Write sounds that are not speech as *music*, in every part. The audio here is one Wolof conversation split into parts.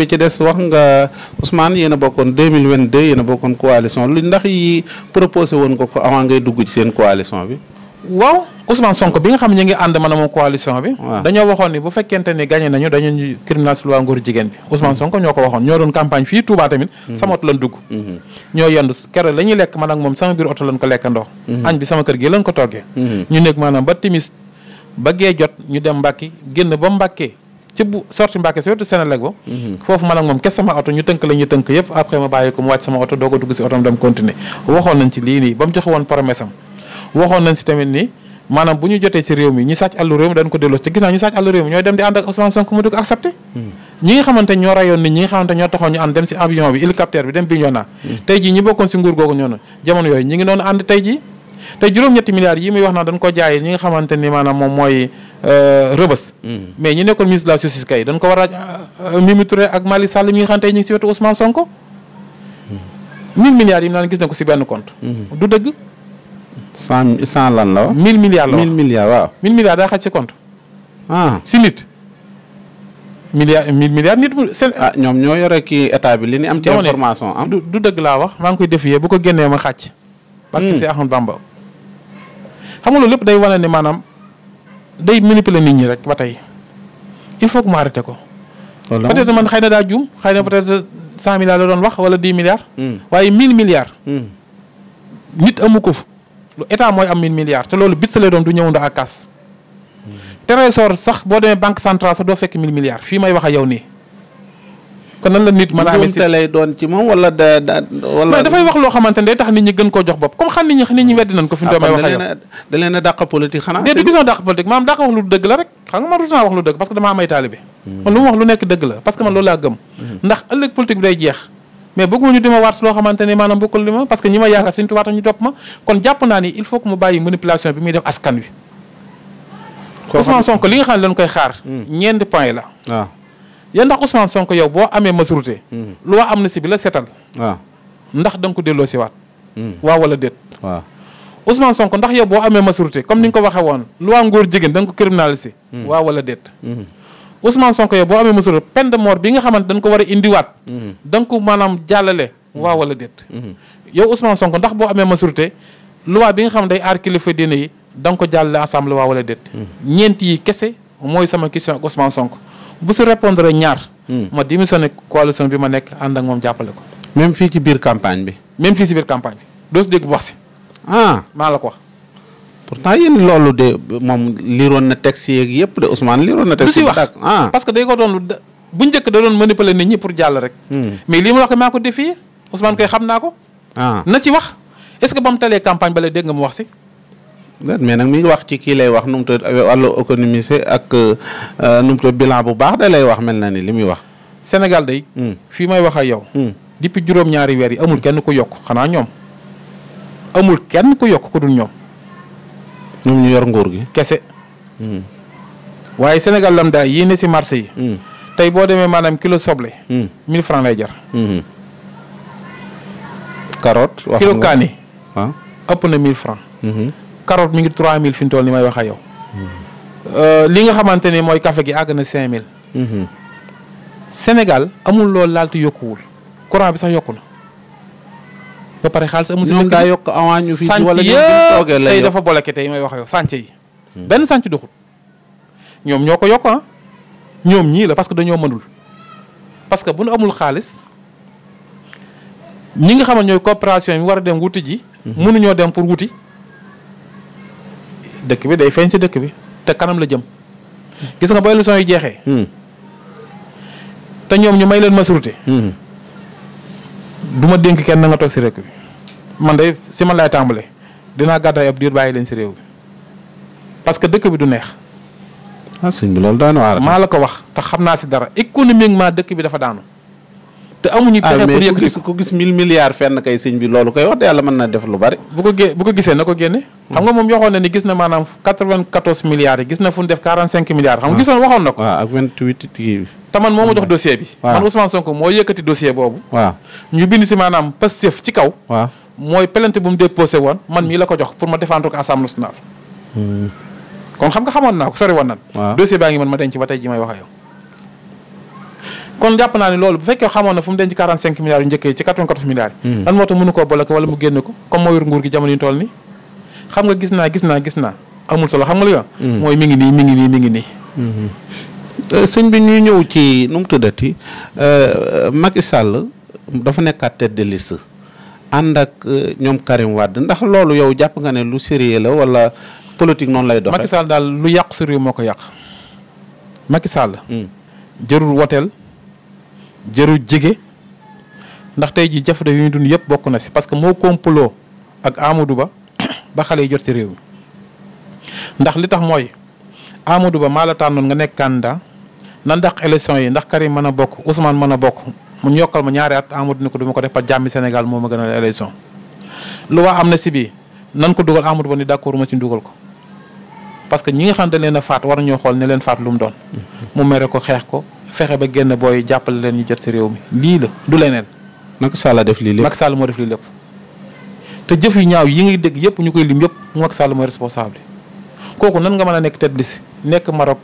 bi ci des wax nga Ousmane yéen a bokkoon a coalition lu ndax yi proposé woon ko ko avant ngay dugg ci seen coalition bi. waaw Ousmane Sonko bi nga xam ñu ngi ànd man moom coalition bi. dañoo waxoon ni bu fekkente ni gagné nañu dañu criminal si loi ngóor jigéen bi Ousmane mm-hmm. Sonko ñoo ko waxoon ñoo doon campagne fii Touba tamit. Mm-hmm. sama oto lan dugg. Mm-hmm. ñoo yendu keroog la lekk man moom sama biir oto lan ko lekkandoo. añ bi sama kër gi lan ko toggee. ñu nekk maanaam ba timis ci bu sorti Mbàkke si wetu Sénégal ba mhm. foofu man moom kes sama oto ñu tënk la ñu tënk yëpp après ma bàyyi ko mu wàcc sama oto doog a dugg si otoom dem continuer waxoon nañ ci lii nii ba mu joxe woon waxoon nañ si tamit ni maanaam bu ñu jotee si réew mi ñu sàcc àllu réew mi ñooy dem di ànd ak Ousmane Sonko mu di ko hmm. ñi nga xamante ñoo rayoon nit ñi nga xamante ñoo taxoon ñu ànd dem si avion bi hélicoptère bi dem bi hmm. ñoo Euh, rëbës. Hmm. mais ñu nekkoon ministre de la justice kay dañ ko war a euh, Mimi Touré ak mali Sall mi nga xam tey ñu ngi si wetu Ousmane Sonko. 1000 hmm. milliards yi mu naan gis na ko si benn compte. Hmm. du dëgg. cent cent lan la. 1000 milliards la wax 1000 milliards waaw. 1000 milliards daa xaj si compte. ah si nit. milliard mille milliards nit mu seen. ah ñoom ñoo yore kii état bi li ni am. ci information am du dëgg laa wax maa ngi koy defiyee bu ko génnee ma xàcc. parce que c'est Ahmad Bamba. xam lépp day wane ne maanaam. day manipuler nit ñi rek ba tey il faut que mu arrêté ko. peut-être man xëy na daa juum xëy na peut-être cent milliards la doon wax wala dix milliards. Hmm. waaye mille milliards. Hmm. nit amu ko fu lu état mooy am mille milliards te loolu bit sa lay doon du ñëwandoo ak kaas. Hmm. trésor sax boo demee banque centrale sax doo fekk mille milliards fii may wax ak yow nii. kon nan la nit mën a amee wax loo xamante ne tax nit ñi koo jox bopp comme xam nit ñi nit ñi weddi nañ ko fi ñu ah, doon wax da leen a dàq politique lu la rek xam nga man rus naa wax lu dëgg hmm. nekk dëgg la parce que loolu laa gëm hmm. ndax ëllëg politique bi day jeex mais bëgguma ñu dima waat si loo xamante ne maanaam bokkul li ma parce ñi ma yaakaar suñu tubaab ñu topp ma kon jàpp naa ni il faut que mu bàyyi manipulation bi muy def askan wi Ousmane Sonko li nga xam ne koy xaar hmm. ñeenti point la ah. yéen ndax Ousmane sonk yow boo amee am na si bi la seetal. ndax da ko delloo si waat. Hmm. waaw wala déet. waaw Ousmane Sonko ndax yow boo amee majorité comme ni nga ko waxee woon loi ngóor jigéen da nga ko criminaliser. Hmm. waaw wala déet. Hmm. Ousmane Sonko yow boo amee majorité peine bi nga xamante dañ ko war a indiwaat. da ko maanaam jàllale. waa wala déet. yow Ousmane Sonko ndax boo amee majorité loi bi nga xam day aar kilifa diine yi da nga ko jàllale assemblée waaw wala déet. ñeent yi kese mooy sama question ak sonk bu si répondre ñaar. Hmm. ma démissionné coalition bi ma nekk ànd ak moom jàppale ko. même fii ci biir campagne bi. même fii si biir campagne bi doo si dégg wax si. ah maa la ko wax. pourtant yéen loolu de moom liroon na texte yeeg yëpp de Ousmane liroon na. texte yi wax ah parce que day ko doon bu njëkk da doon manipuler nit ñi pour jàll rek. Hmm. mais lii ma wax maa ko défier Ousmane koy xam naa ko. Ah. na ci wax est ba mu talee campagne bale dégg nga mu wax si. mais nag mi ngi wax ci kii lay wax nu mu tudd wàllu ak euh, nu mu tudd bu baax da lay wax mel na ni li muy wax. Sénégal day. Hmm. fii may wax ak yow. Hmm. depuis juróom-ñaari weer yi amul kenn ku yokk xanaa ñoom amul kenn ku yokk ku dul ñoom. ñu yor nguur gi. kese. Hmm. waaye Sénégal lam daal yéene si marché yi. tey boo demee maanaam kilo soble. 1000 francs lay jar. carotte wax kilo kaani. Ah. ëpp na 1000 francs carotte mi ngi 3000 fi mu toll ni may wax ak yow. Euh, li nga xamante ni mooy café gi àgg na mille mm-hmm. Sénégal amul loolu laal te yokkuwul courant bi sax yokku na. ba pare xaalis amul si. ñoom daa yokk avant ñu wala ñu dafa boleke tey may wax ak yi. Mm-hmm. benn sànce doxul. ñoom ñoo ko yokk ah. ñoom ñii la parce que dañoo mënul parce que bu nu amul xaalis ñi nga xam ñooy coopération yi war a dem wuti ji. Mm-hmm. mënuñoo dem pour wuti. dëkk bi day feeñ si dëkk bi te kanam la jëm gis nga booy leçon yi jeexee hmm. te ñoom ñu may leen maturité hmm. du ma dénk kenn na nga toog si rek bi man de si man laay tàmbale dinaa gàddaay ab diir bàyyi leen si réew bi parce que dëkk bi du neex ah sëñ bi loolu daanu maa la ko wax te xam naa si dara maa dëkk bi dafa daanu te amuñu ah, pexe pour yëg gis ku gis milliards fenn kay sëñ bi loolu koy wax te yàlla mën na def lu bari bu ko gisee na ko génne hmm. xam nga moom waxoon na ni gis na maanaam quatre-vingt-quatorze milliards yi gis na fu ñu def quarante cinq milliards xam nga ah. gisoon waxoon na ko waaw ah, ak vingt jox hmm. dossier bi man Ousmane Sonko moo yëkkati dossier boobu ñu bind si maanaam Pastef ci kaw waaw mooy plainte bu mu déposé woon man mii la ko jox pour ma défendre ko Assemblée nationale hmm. kon xam nga xamoon naa ko sori woon nan dossier baa ngi man ma denc ba kon jàpp naa ne loolu bu fekkee xamoon na fu mu denc 45 milliards yu njëkkee ci 94 milliards yi hmm. lan moo tax mënu koo bloqué wala mu génn ko comme moo yor nguur gi jamono yi toll ni xam nga gis naa gis naa gis naa amul solo xam nga lu yo hmm. mooy mi ngi nii mi ngi nii ngi nii hmm. euh, bi ñuy ñëw ci nu mu tuddati euh, Macky Sall dafa nekkaat tête ànd ak euh, ñoom Karim Wade ndax loolu yow jàpp nga ne lu sérieux la wala politique noonu lay doxee. Macky Sall daal lu yàq sa moo ko yàq Macky Sall. jërul woteel jëru jege ndax tey ji jafe yu ñu dund yëpp bokk na si parce que moo complot ak Amadou Ba *coughs* ba xale yi jot si réew mi ndax li tax mooy Amadou Ba maa la tànnoon nga nekk candidat na ndax élection yi ndax Karim mën a bokk Ousmane mën a bokk mu yokkal ma ñaari at Amadou ni ko duma ko def par jàmmi senegal moo ma gën a élection lu waa am na si bii nan ko dugal Amadou Ba ni d'accord ma si dugal ko parce que ñi nga xam dañ leen faat war a nañoo xool ne leen faat lu mu doon mu mere ko xeex ko fexe ba génn booy jàppale leen ñu jot ci réew mi lii la du leneen. Macky Sall a def lii lépp Macky Sall moo def lépp. te jëf yu ñaaw yi ngay dëgg yëpp ñu koy lim yëpp Macky Sall mooy responsable kooku nan nga mën a nekk tête liste nekk Maroc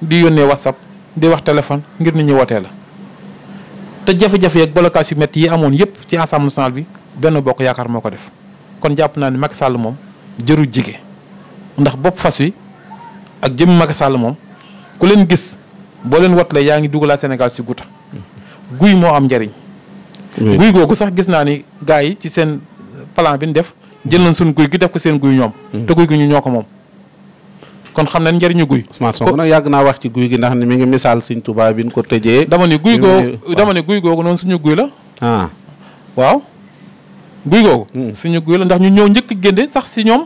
di yónnee WhatsApp di wax téléphone ngir nit ñi wootee la. te jafe-jafe yeeg blocage yu métti yi amoon yëpp ci assemblée nationale bi benn bokk yaakaar moo ko def kon jàpp naa ne mag Sall moom jëru jige ndax bopp fas wi ak jëm mag sàll moom ku leen gis. boo leen wat la yaa ngi dugalaat Sénégal si guta guy moo am njariñ guy googu sax gis naa ni gaa yi ci seen plan bi ñu def jël nañ suñ guy gi def ko seen guy ñoom mm. te guy gi ñu ñoo ko moom kon xam nañ njëriñu guy Ousmane nag yàgg naa wax ci guy gi ndax mi ngi misaal suñ Tuubaa bi ñu ko tëjee dama ne guy googu dama ne guy googu noonu suñu guy la ah. waaw guy googu mm. suñu guy la ndax ñu ñëw njëkk génde sax si ñoom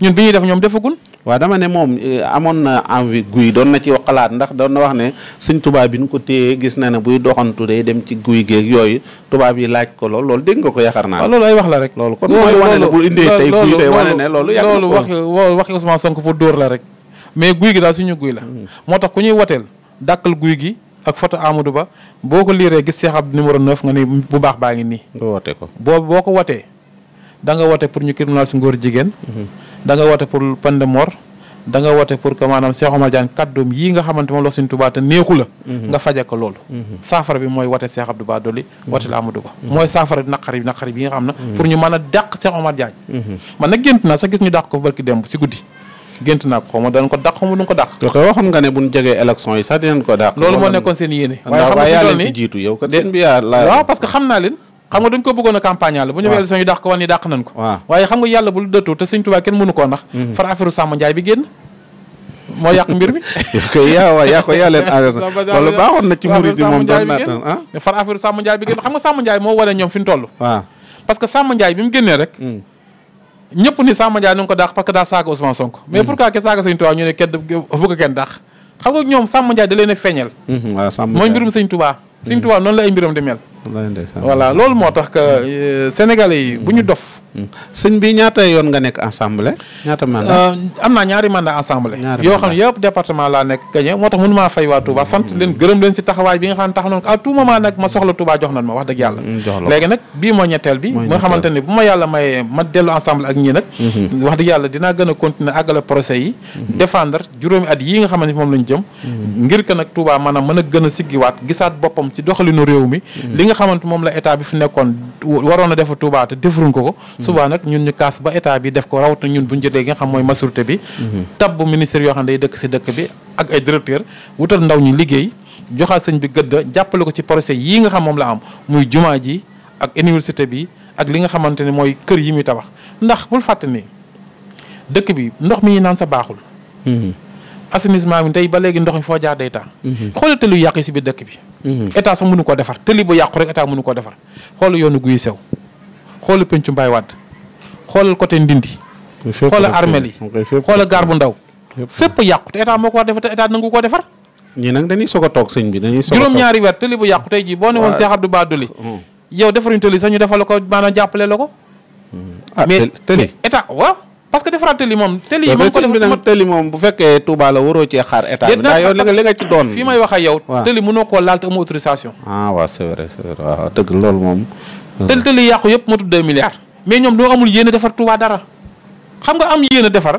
ñun bi ñuy def ñoom defagun waaw dama ne moom eh, amoon na envie guy doon na ci xalaat ndax doon na wax ne suñ tubaab bi ñu ko téyee gis na ne buy doxantu de dem ci guy géeg yooyu tubaab yi laaj ko lool loolu dégg nga ko yaakaar naa. loolu ay wax la rek. loolu kon mooy wane ne bu indee tey guy loolu. yàgg na ko loolu wax waxi Ousmane Sonko pour dóor la rek mais guy gi suñu guy la. Hmm. moo tax ku ñuy woteel dàkkal guy gi. ak photo Amadou Ba boo ko liiree gis Cheikh Abdou numéro 9 nga ni bu baax baa ngi nii. woote ko boo boo ko wootee da nga woote pour ñu si góor jigéen. Hmm. da nga woote pour peine de mort pour que maanaam Cheikh Omar Diagne kàddoom nga xamante moom la Sëriñ Tuubaa te neexu mhm. nga faje loolu mhm. saafara bi mooy woote Cheikh Abdou Bara Dolly mhm. woote la Amadou Ba mooy saafara bi naqari bi naqari a dàq naa sax gis ñu dàq ko barki démb si guddi gént naa ko xaw ma danañ ko dàq xaw ma duñ nga ne buñ jegee élection yi sax dinañ ko loolu moo nekkoon seen yéene waaw parce xam naa leen xam nga dañ ko bëggoon a campagne la bu ñëwee élection ñu dàq ko wan ni dàq nañ ko waaye xam nga yàlla bu lu dëttu te Sëñ Tuubaa kenn mënu koo ndax mhm. far affaire Samba bi génn moo yàq mbir mi *laughs* koy yaa yaa ko yaa na ci murid yi moom doon naatan ah far affaire moo wane ñoom fi ñu toll waaw parce que Samba Ndiaye bi mu génnee rek mm. ñëpp ni Samba Ndiaye nu ko dàq parce que daa saaga Ousmane Sonko mais mm. pourquoi que saaga Sëñ Tuubaa ñu ne kenn bëgg kenn dàq xam nga ñoom Samba Ndiaye da leen a mm-hmm. mm-hmm. noonu la ay mbiram di mel voilà loolu moo tax que hmm. euh, sénégalais yi bu ñu hmm. dof. Hmm. sëñ bi ñaata yoon nga nekk assemblée. ñaata mandat euh, am naa ñaari mandat assemblée. yoo xam ne yëpp département laa nekk gañe moo tax mënu maa fay waa Touba sant leen gërëm leen si taxawaay bi nga xam ne tax noonu à tout moment ma soxla Touba jox nan ma wax dëgg yàlla. léegi nag bii moo ñetteel bi. mooy nga xamante ne bu ma yàlla mayee ma dellu ensemble ak ñii nag. wax dëgg yàlla dinaa gën a continuer àggale procès yi. défendre juróomi at yii nga xamante ne moom lañ jëm. ngir que nag man a mën a gën a siggiwaat gisaat boppam ci doxalinu réew mi nga xamante moom la état bi fi nekkoon waroon a defa Touba te defuruñ ko ko subaa nag ñun ñu kaas ba état bi def ko rawatina ñun buñ jëlee nga xam mooy masurité bi tab bu ministère yoo xam ne day dëkk si dëkk bi ak ay directeur wutal ndaw ñi liggéey joxaat sañ bi gëdd jàppale ko ci projet yii nga xam moom la am muy jumaa ji ak université bi ak li nga xamante ne mooy kër yi muy tabax ndax bul fàtte ni dëkk bi ndox mi naan sa baaxul assainissement bi tey ba léegi ndox mi foo jaar day taa. Mhm. xoolal tëli yu yàq yi si biir dëkk bi. Mhm. état sax mënu koo defar tëli bu yàqu rek état mënu koo defar xoolal yoonu guy xoolal pencu mbaay wadd xoolal côté ndindi. xoolal armel yi xoolal gaar bu ndaw. fépp yàqu te état moo ko war defar te état nangu koo defar. ñii nag dañuy soog a toog bi dañuy. soog a juróom-ñaari weer tëli bu yàqu tey jii boo ne woon Cheikh Abdou Bara Dolly oh. yow defaruñu tëli sax ñu defal ko maanaam jàppale la ko. ah tëli wa parce que defaraat tëli moom tëli yi moom ko def nag tëli moom bu fekkee Touba la waroo cee xaar état bi ndax yow li nga li nga ci doon fii may wax ak yow tëli mënoo koo laal te amoo autorisation ah waaw c'est vrai c'est dëgg loolu moom tëli tëli yàqu yëpp motul deux milliards mais ñoom doo amul yéen a defar Touba dara xam nga am yéen a defar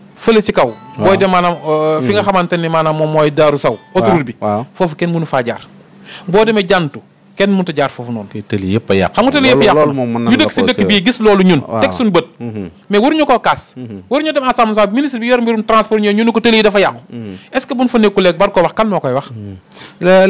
fële ci kaw. booy dem maanaam euh, fi nga mm. xamante maanaam moom mooy daaru saw. autoroute bi foofu kenn mënu faa jaar. boo demee jantu kenn mënut a jaar foofu noonu. tëli yëpp a yàq xam nga tëli yëpp yàq ñu dëkk si dëkk gis loolu ñun. teg suñu bët. Mm-hmm. mais waruñu koo kaas. Mm-hmm. waruñu dem ensemble ministre bi yor mbirum transport ñëw ñu ne ko tëli yi dafa yàqu. Mm-hmm. est ce que buñ fa nekkuleeg bar wax kan moo koy wax.